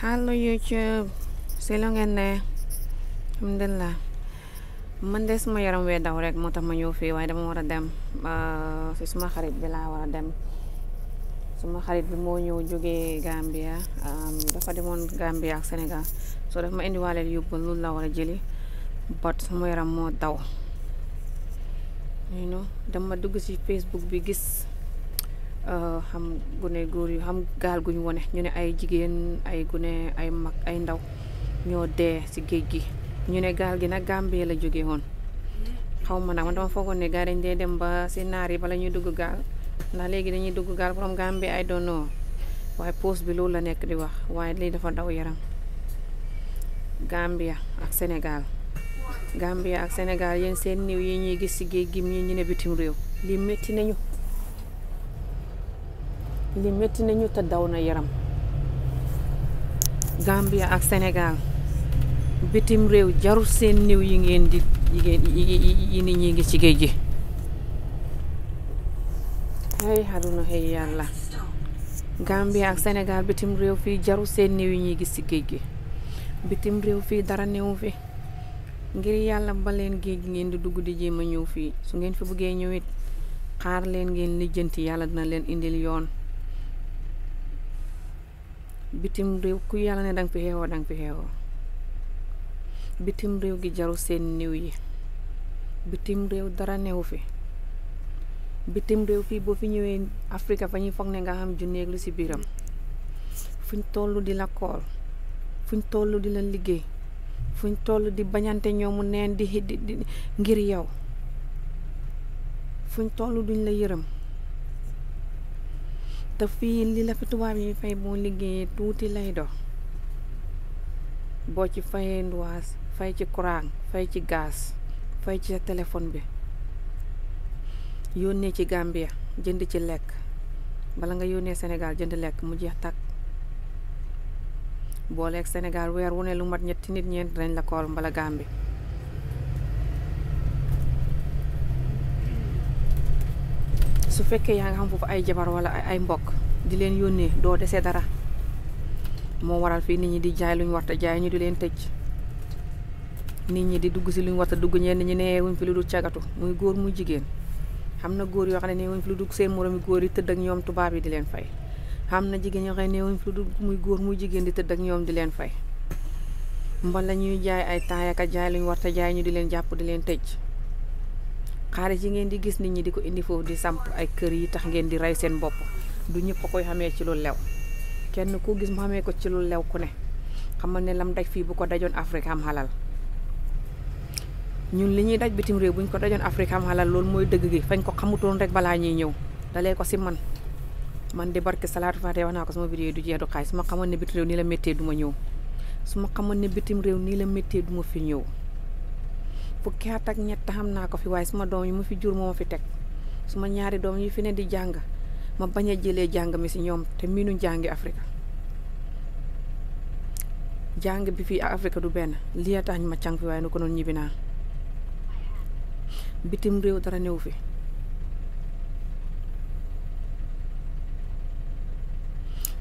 Hello YouTube ah, si lu ngeen ne la man de suma yaram wee daw rek moo tax ma ñëw fii waaye dama war a dem si suma xarit bi laa war a dem suma xarit bi moo ñëw jógee Gambia dafa demoon Gambia ak Sénégal soo def ma indiwaaleel yóbbal loolu la war a jëli bot suma yaram moo daw you know dama dugg si Facebook bi gis Euh, xam gune góor yu xam gaal guñ wone ñu ne ay jigéen ay gune ay mag ay ndaw ñoo dee si géej gi ñu ne gaal gi nag Gambie la jóge woon xaw ma nag man dama foogoon ne gaal dañ dee dem ba si naar yi bala ñuy dugg gaal ndax léegi dañuy dugg gaal borom Gambie ay doonoo waaye post bi loolu la nekk di wax waaye lii dafa daw yaram Gambia ak Sénégal Gambia ak Sénégal yéen seen niw yi ñuy gis ci géej gi ñu ne bitim réew lii métti nañu li métti nañu te daw na yaram Gambia ak Sénégal bitim réew jarul seen néew yi ngeen di yi ngeen yi nit ñi ci géej gi xëy xaruna yàlla Gambia ak bitim réew fii jarul seen néew yi ñuy gis ci géej gi bitim réew fii dara néew fi ngir yàlla ba leen géej gi ngeen di dugg di jéem a ñëw fii su ngeen fi buggee ñëwit xaar leen ngeen lijjanti yàlla dina leen indil yoon bitim réew ku yàlla ne danga fi xeexoo danga fi xeexoo bitim réew gi jaru seen niw yi bitim réew dara newu fi bitim réew fii boo fi ñëwee Afrique fa ñuy foog ne nga xam junneeg lu si biiram fuñ toll di kool fuñ tollu di la liggéey fuñ toll di bañante ñoomu neen di di ngir yow fuñ tollu duñ la yërëm te fii li la fi tubaab yi fay boo liggéeyee tuuti lay dox boo ci fayee nduwaas fay ci courant fay ci gaz fay ci sa bi yónnee ci Gambia jënd ci lekk bala nga yónnee senegal jënd lekk mu jeex takk booleeg senegal weer wu ne lu mat ñetti nit ñeent dañ la mbala Gambie su fekkee yaa nga xam foofu ay jabar wala ay mbokk di leen yónnee doo desee dara moo waral fii nit ñi di jaay lu ñu warta jaay ñu di leen tëj nit ñi di dugg si lu ñu warta dugg ñenn ñi nee wuñ fi lu dul cagatu muy góor muy jigéen xam na góor yoo xam ne nee wuñ fi lu dul seen moromi góor yi tëdd ñoom tubaab yi di leen fay xam na jigéen yoo xam ne nee muy jigéen di tëdd ak ñoom di leen fay mbala ñuy jaay ay taayaka jaay lu ñu warta jaay ñu di leen jàpp di leen tëj xaalis yi ngeen di gis nit ñi di ko indi foofu di samp ay kër yi tax ngeen di rey seen bopp du ñëpp a koy xamee ci lu lew kenn koo gis mu xamee ko ci lu lew ku ne xamal ne lam daj fii bu ko dajoon Afrique am xalal ñun li ñuy daj bitim réew bu ko dajoon Afrique am xalal loolu mooy dëgg gi fañ ko xamutoon rek balaa ñuy ñëw dalee ko si man man di barke salaatu faate wax naa ko sama vidéo du jeex du xaay su ma xamoon ne bitim réew nii la méttee duma ñëw su ma xamoon ne bitim réew nii la méttee du ma fi ñëw fukki ak ñett xam naa ko fi waaye suma doom yi mu fi jur moo ma fi teg suma ñaari doom yi fi ne di jàng ma bañ a jëlee jàng mi si ñoom te miinu jàngi Afrique jàng bi fii ak du benn lii a tax ma càng fi waaye nu ko noonu ñibbi naa bitim réew dara néew fi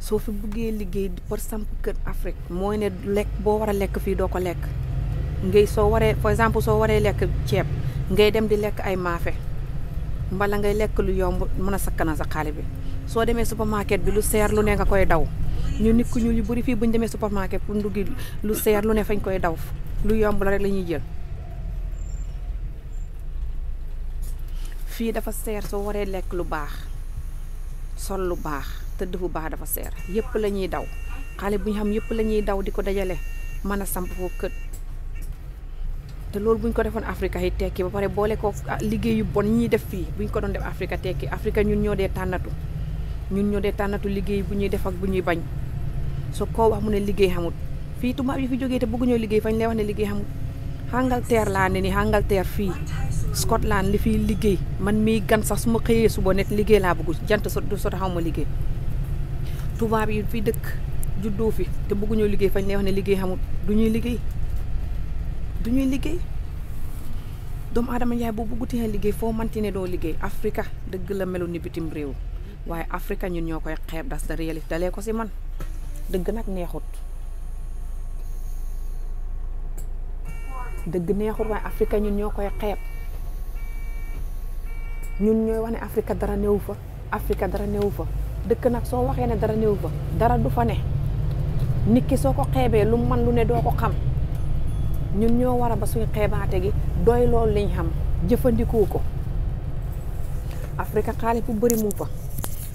soo fi buggee liggéey par samp kër Afrique mooy ne lekk boo war a lekk fii doo ko lekk ngay soo waree for exemple soo waree lekk ceeb ngay dem di lekk ay maafe bala ngay lekk lu yomb mën a sakkanal sa xaalis bi soo demee supermarket bi lu seer lu ne koy daw ñu nit ku ñuul yu bëri bu ñu demee supermarket pour nduggi lu seer lu ne fañ koy daw lu yomb la rek la ñuy jël fii dafa seer soo waree lekk lu baax sol lu baax tëdd fu baax dafa seer yëpp la ñuy daw xaalis bu ñu xam yëpp la ñuy daw di ko dajale mën a samp foofu kër te loolu bu ñu ko defoon africa yi tekki ba pare boole ko liggéey yu bon ñuy def fii bu ñu ko doon def Afrique tekki Afrique ñun ñoo dee tànnatu ñun ñoo dee tànnatu liggéey bu ñuy def ak bu ñuy bañ so ko wax mu ne liggéey xamut fii tubaab yi fi jógee te bëgguñoo liggéey fañ lay wax ne liggéey xamut Angleterre laa ne ni Angleterre fii Scotland li fiy liggéey man mii gan sax su ma xëyee suba ne liggéey laa bëggu jant so du so taxaw ma liggéey tubaab yi fi dëkk juddoo fi te bëgguñoo liggéey fañ lay wax ne liggéey xamut du ñuy liggéey du ñuy liggéey doomu aadama njaay boo bëggutee liggéey foo manti ne doo liggéey africa dëgg la melu ni bitim réew waaye Afrika ñun ñoo koy xeeb das da ko si man dëgg nag neexut dëgg neexut Afrika ñun ñoo koy xeeb ñun ñooy wax ne Afrika dara néew fa Afrika dara néew fa dëkk nag soo waxee ne dara néew fa dara du fa ne nit ki soo ko xeebee lu man lu ne doo ko xam ñun ñoo war a ba suñu xeebaate gi doy loolu liñ xam jëfandikoo ko Afrique xaalis bu bëri mu fa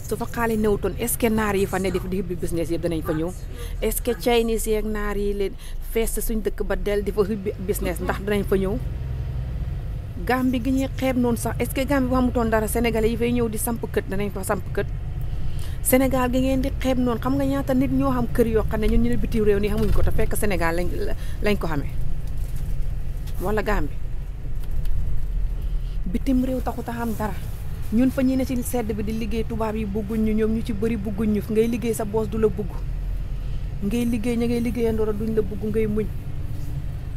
su fa xaalis newutoon est-ce que naar yi fa ne def di hubbi business yëpp ñëw est que Chinese yeeg naar yi leen fees suñ dëkk ba del di fa hubbi ndax danañ fa ñëw Gambie gi ñuy xeeb noonu sax est-ce que Gambie bu xamutoon dara sénégalais yi fay ñëw di samp kët danañ fa samp kët Sénégal gi ngeen di xeeb noonu xam nga ñaata nit ñoo xam kër yoo xam ne ñun ñu ne bitim réew nii xamuñ ko te fekk Sénégal lañ lañ ko xamee wala bi bitim réew taxut a xam dara ñun fa ñuy ne ci sedd bi di liggéey tubaab yi bëgguñ ñu ñoom ñu ci bëri bëgguñ ñu ngay liggéey sa boos du la bugg ngay liggéey ña ngay liggéeyandoor duñ la bugg ngay muñ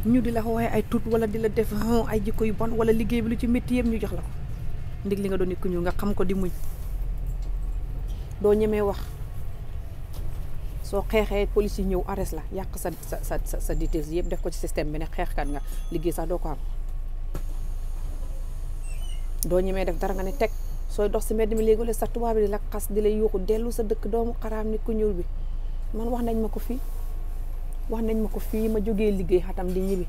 ñu di la ko waxee ay tut wala di la def ay jikko yu bon wala liggéey bi lu ci métti yëpp ñu jox la ko ndig li nga doon nit ku nga xam ko di muñ doo ñemee wax. soo xeexee police yi ñëw arrest la yàq sa sa sa sa details yëpp def ko ci système bi ne xeexkat nga liggéey sax doo ko am doo ñemee def dara nga ne teg sooy dox si mbedd mi léegi sa tubaab yi di la xas di la yuuxu dellu sa dëkk doomu xaraam nit ku ñuul bi man wax nañ ma ko fii wax nañ ma ko fii ma jógee liggéey xatam di ñibbi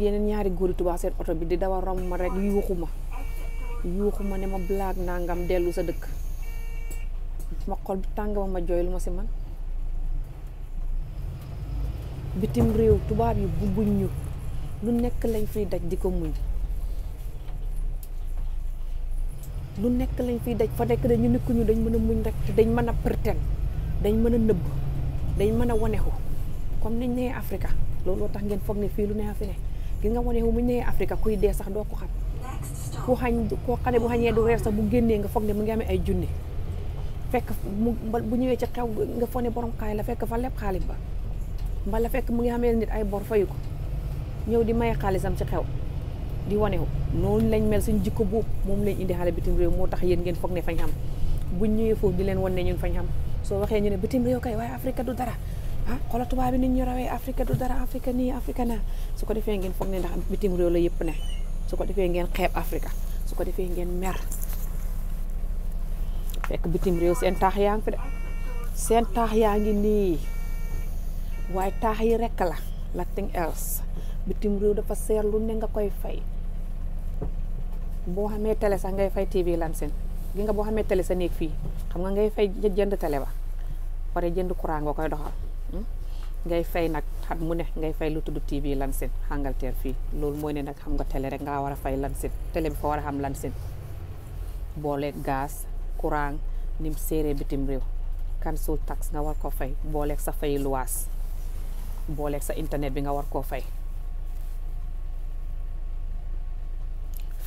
yeneen ñaari góori tubaab seen oto bi di dawa romb ma rek yuuxu ma yuuxu ma ne ma blague nangam dellu sa dëkk ma xol bi ma ma jooylu ma si man bitim réew tubaab yi bu buñ ñu lu nekk lañ fiy daj di ko muñ lu nekk lañ fiy daj fa nekk dañu nekku ñu dañ mën a muñ rek dañ mën a përtel dañ mën a nëbb dañ mën a wanexu comme niñ nee Afrika loo tax ngeen foog ne fii lu ne fi ne gis nga wanexu muñ nee Afrika kuy dee sax doo ko xam ku xañ koo xane bu xañee du reer sax mu génnee nga foog ne mu ngi amee ay junni fekk mu bu ñëwee ci xew nga foog ne borom xaalis la fekk fa lépp xaalis ba mbala fekk mu ngi xamee nit ay bor fayu ko ñëw di maye xaalisam ci xew di wane wu noonu lañ mel suñ jikko boobu moom lañ indi xale bitim réew moo tax yéen ngeen foog ne fañ xam buñ ñëwee foofu di leen wan ne ñun fañ xam soo waxee ñu ne bitim réew kay waaye Afrique du dara ah xoolal tubaab bi ni ñu rawee Afrique du dara Afrique nii Afrique naa su ko defee ngeen foog ne ndax bitim réew la yëpp ne su ko defee ngeen xeeb Afrique su ko defee ngeen mer fekk bitim réew seen taax yaa ngi fi de seen taax yaa ngi nii. waaye taax yi rek la nothing else bitim réew dafa seer lu ne nga koy fay boo xamee télé sax ngay fay TV lan seen gi nga boo xamee sa néeg fii xam nga ngay fay jënd télé ba jënd courant nga koy doxal hmm? ngay fay nag xat mu ne ngay fay lu tudd TV lan seen Angleterre fii lool mooy ne nag xam nga télé rek nga war a fay lan seen télé bi fa war a xam lan seen boole gaz courant nim séeree bitim kan council tax nga war ko fay booleeg sax fay luwaas booleeg sa internet bi nga war koo fay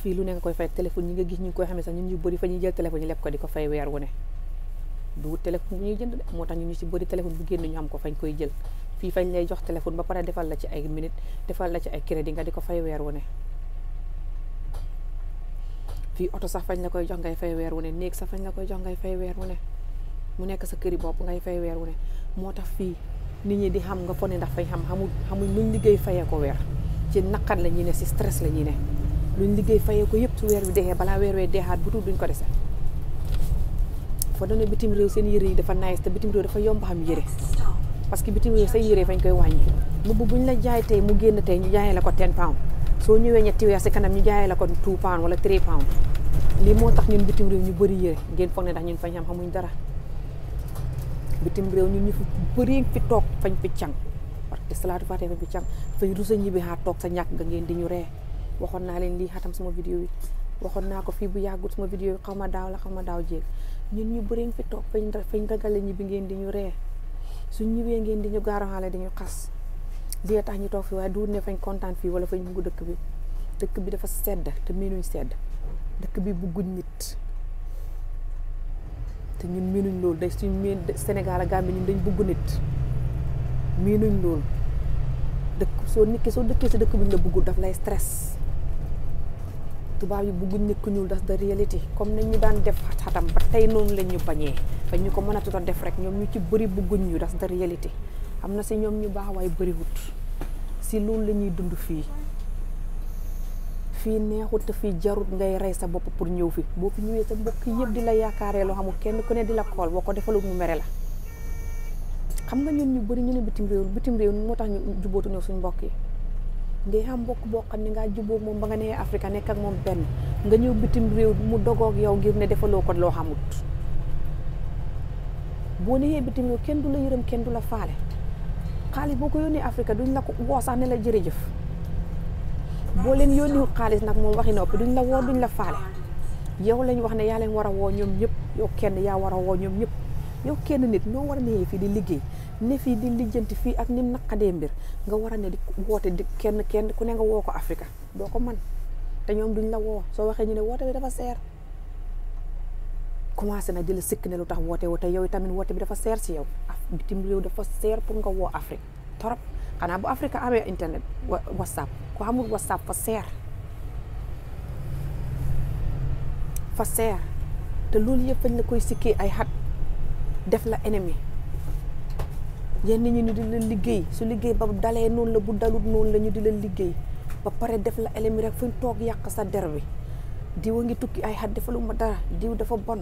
fii lu ne nga koy fay téléphone ñi nga gis ñu ngi koy xamee sax ñun ñu bëri fa ñuy jël téléphone ñu leb ko ko fay weer wu ne du téléphone bu ñuy moo tax ñun ñu si bëri téléphone bu génn ñu xam ko fañ koy jël fii fañ lay jox téléphone ba pare defal la ci ay minute defal la ci ay crédit nga di ko fay weer wu ne fii oto sax fañ la koy jox ngay fay weer wu ne néeg sax fañ la koy jox ngay fay weer wu ne mu nekk sa këri bopp ngay fay weer wu ne moo tax fii nit ñi di xam nga ne ndax fay xam xamul xamuñ luñ liggéey faye ko weer ci naqar la ñuy ne si stress la ñuy ne luñ liggéey fayee ko yëpp su weer bi dexee balaa weer wee dexaat bu tuut duñ ko dese fa doone bitim réew seen yére yi dafa nice te bitim réew dafa yomb xam yére parce que bitim réew say yére koy wàññi mbubb buñ la jaay tey mu génn tey ñu jaayee la ko 10 pound soo ñëwee ñetti weer si kanam ñu jaayee la ko 2 pound wala 3 pound lii moo tax ñun bitim réew ñu bëri yére ngeen foog ne ndax ñun fañ xam xamuñ dara bitim réew ñun ñu fi bëri fi toog fañ fi càng parce que salaatu faatee fañ fi càng fay rusa ñibbi xaar toog sa ñàkk nga ngeen di ñu ree waxoon naa leen lii xatam sama vidéo yi waxoon naa ko fii bu yàggut sama vidéo yi xaw ma daaw la xaw ma daaw jéeg ñun ñu bëri fi toog fañ fañ ragale ñibbi ngeen di ñu ree suñ ñibbee ngeen di ñu gaaraxaale di ñu xas lii tax ñu toog fi waaye du ne fañ kontaan fii wala fañ bugg dëkk bi dëkk bi dafa sedd te miinuñ sedd dëkk bi te ñun miinuñ loolu day suñ miin Sénégal ak Gambie ñun dañ nit miinuñ loolu dëkk soo nekkee soo dëkkee si dëkk bi ñu la bëggul daf lay stress tubaab yi bëgguñ nekk ñuul das da réalité comme nañ ñu daan def xatam ba tey noonu lañ ñu bañee ba ñu ko mën a tuta def rek ñoom ñu ci bëri bëgguñ ñu das da réalité am na si ñoom ñu baax waaye bëriwut si loolu lañuy dund fii fii neexut te fii jarut ngay rey sa bopp pour ñëw fi boo fi ñëwee sa mbokk yëpp di la yaakaaree loo xamul kenn ku ne di la kool boo ko defalul mu mere la xam nga ñu bëri ñu ne moo tax ñu jubootu ñëw mbokk yi ngay am mbokk xam ne ngaa juboo moom ba nga nee nekk ak moom benn nga ñëw bitim réew mu dogoog yow ngir ne defaloo ko loo xamut boo nee bitim réew kenn du la yërëm kenn du la faale xaalis boo ko yónnee Afrique duñ la ko woo sax ne la jërëjëf boo leen yónniwut xaalis nag moom waxi noppi duñ la woo duñ la faale yow lañ wax ne yaa leen war a woo ñoom ñëpp yow kenn yaa wara a woo ñoom ñëpp yow kenn nit noo war a fii di liggéey ne fii di lijjanti fii ak nim naqadee mbir nga war a ne di woote di kenn kenn ku ne nga woo ko africa doo ko man te ñoom duñ la woo soo waxee ñu ne woote bi dafa seer commencé na di la sikk ne lu tax woote woo yow yi tamit woote bi dafa seer si yow bitim réew dafa seer pour nga woo Afrique torop xanaa bu Afrique amee internet WhatsApp ku xamul whatsapp fa seer fa seer te loolu yëpp fañ la koy sikkee ay xat def la ennemi yenn ñu ni di la liggéey su liggéey ba dalee noonu la bu dalut noonu la ñu di la liggéey ba pare def la ennemi rek fuñ toog yàq sa der bi diw a ngi tukki ay xat defalu ma dara diw dafa bon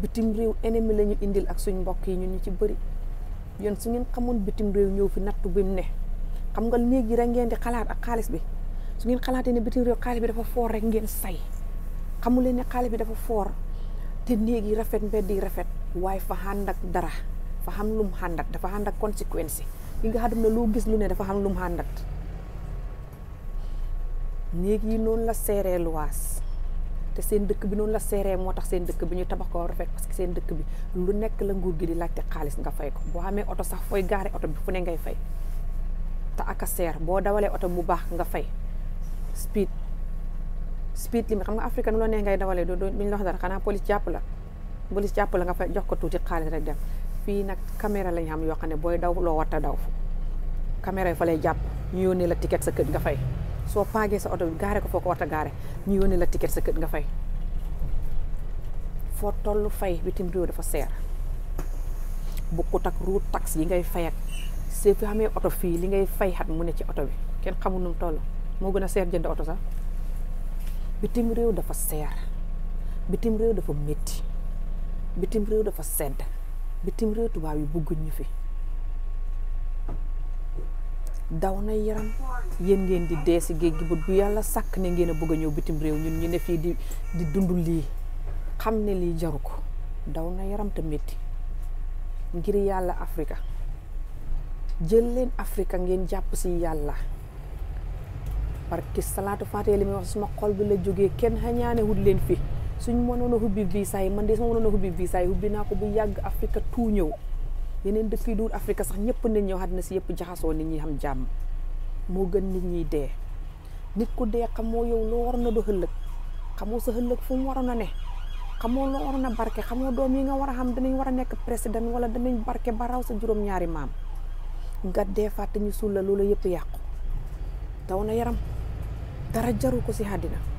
bitim réew ennemi la ñu indil ak suñ mbokk yi ñun ñu ci bëri yoon su ngeen xamoon bitim réew ñëw fi nattu bi mu ne xam nga léegi rek ngeen di xalaat ak xaalis bi su ngeen xalaatee ne bitim réew xaalis bi dafa foor rek ngeen say xamul leen ne xaalis bi dafa foor te néeg yi rafet mbedd di rafet waaye fa ànd ak dara fa xam lum ànd dafa ànd ak conséquence yi nga xam ne loo gis lu ne dafa xam lum ànd ak néeg yi noonu la seeree luwaas te seen dëkk bi noonu la seeree moo tax seen dëkk bi ñu tabax ko rafet parce que seen dëkk bi lu nekk la nguur gi di laajte xaalis nga fay ko boo amee oto sax fooy gaare oto bi fu ne ngay fay te ak boo dawalee oto bu baax nga fay speed speed limit xam nga africain loo nee ngay dawalee doo duñ la wax dara xanaa police jàpp la police jàpp la nga fay jox ko tuuti xaalis rek dem fii nag caméra lañ xam yoo xam ne booy daw loo war a daw caméra yi fa lay jàpp ñu yónnee la ticket sa kër nga fay soo paagee sa oto bi gaare ko foo ko war a gaare ñu yónnee la ticket sa kër nga fay foo tollu fay bitim réew dafa seer bokkut ak route tax yi ngay fay ak see xamee oto fii li ngay fay xat mu ne ci oto bi kenn xamul nu mu moo gën a seer jënd oto sax bitim réew dafa seer bitim réew dafa métti bitim réew dafa sedd bitim réew tubaab yi bugguñ ñu fi. daw na yaram yéen ngeen di dee si géej gi bu yàlla sàkk ne ngeen a bëgg a ñëw bitim réew ñun ñu ne fii di di dund lii xam ne lii jaru ko daw na yaram te métti ngir yàlla Afrika jël leen Afrika ngeen jàpp si yàlla parce que salaatu faatee li muy wax suma xol bi la jógee kenn xañaane wut leen fi suñ mënoon a hubbi visa yi man de su ma mënoon a hubbi visa yi hubbi naa ko bu yàgg Afrika tu ñëw yeneen dëkk yi duur Afrique sax ñëpp nit ñoo xam ne si yëpp jaxasoo nit ñi xam jàmm moo gën nit ñiy dee nit ku dee xamoo yow loo waroon a do ëllëg xamoo sa ëllëg fu mu waroon a ne xamoo loo waroon a barke xamoo doom yi nga war a xam danañ war a nekk président wala danañ barke ba raw sa juróom-ñaari maam nga dee fàtte ñu suul la loola yëpp yàqu daw na yaram dara jaru ko si àddina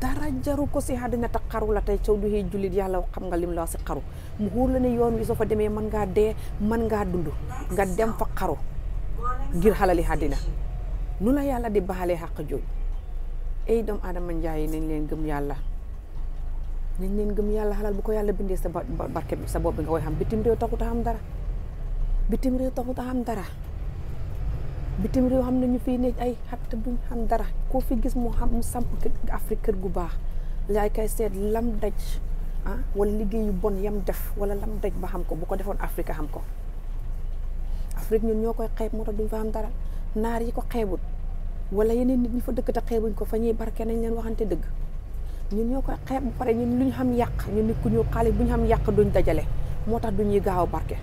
dara jaru ko si àddina ta xaru la tey soo duxee jullit yàlla xam nga lim la wax si xaru mu wóor la ne yoon wi soo fa demee mën ngaa dee mën ngaa dund nga dem fa xaru ngir xalali àddina nu la yàlla di baalee xaq jooj ay doomu aadama njaay yi nañ leen gëm yàlla nañ leen gëm yàlla xalal bu ko yàlla bindee sa bi sa bopp bi nga koy xam bitim réew taxut a xam dara bitim réew taxut a xam dara bitim réew xam ñu fii ne ay xat te duñ xam dara koo fi gis mu xam mu samp kër Afrique kër gu baax yaay kay seet lam daj ah wala liggéey yu bon yam def wala lam daj ba xam ko bu ko defoon Afrique xam ko Afrique ñun ñoo koy xeeb moo tax duñ fa xam dara naar yi ko xeebut wala yeneen nit ñu fa dëkk te xeebuñ ko fa ñuy barke nañ leen waxante dëgg ñun ñoo koy xeeb bu pare ñun lu ñu xam yàq ñun nit ku ñu xaalis bu ñu xam yàq duñ dajale moo tax duñuy gaaw a barke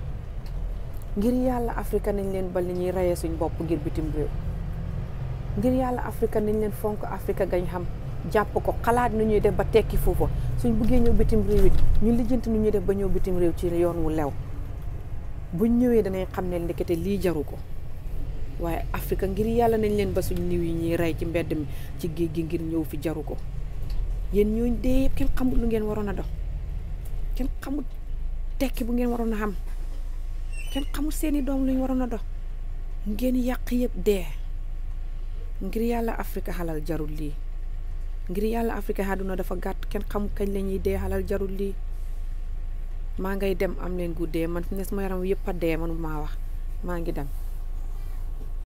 ngir yàlla Afrique nañ leen ba li ñuy reyee suñ bopp ngir bitim réew ngir yàlla Afrique nañ leen fonk Afrique gañ xam jàpp ko xalaat nu ñuy def ba tekki foofa suñ buggee ñëw bitim réew it ñu lijjanti nu ñuy def ba ñëw bitim réew ci yoon wu lew buñ ñëwee danay xam ne ndekete lii jaru ko waaye Afrique ngir yàlla nañ leen ba suñ niw yi ñuy rey ci mbedd mi ci géej gi ngir ñëw fi jaru ko yéen ñooñ dee yëpp kenn xamut lu ngeen waroon a dox kenn xamut tekki bu ngeen waroon a xam kenn xamul seeni doom luñ waroon a dox ngeen yàq yëpp dee ngir yàlla Afrique xalal jarul lii ngir yàlla Afrique àdduna dafa gàtt kenn xamul kañ la ñuy dee xalal jarul lii maa ngay dem am leen guddee man fi ne sama yaram yëpp a dee man maa wax maa ngi dem.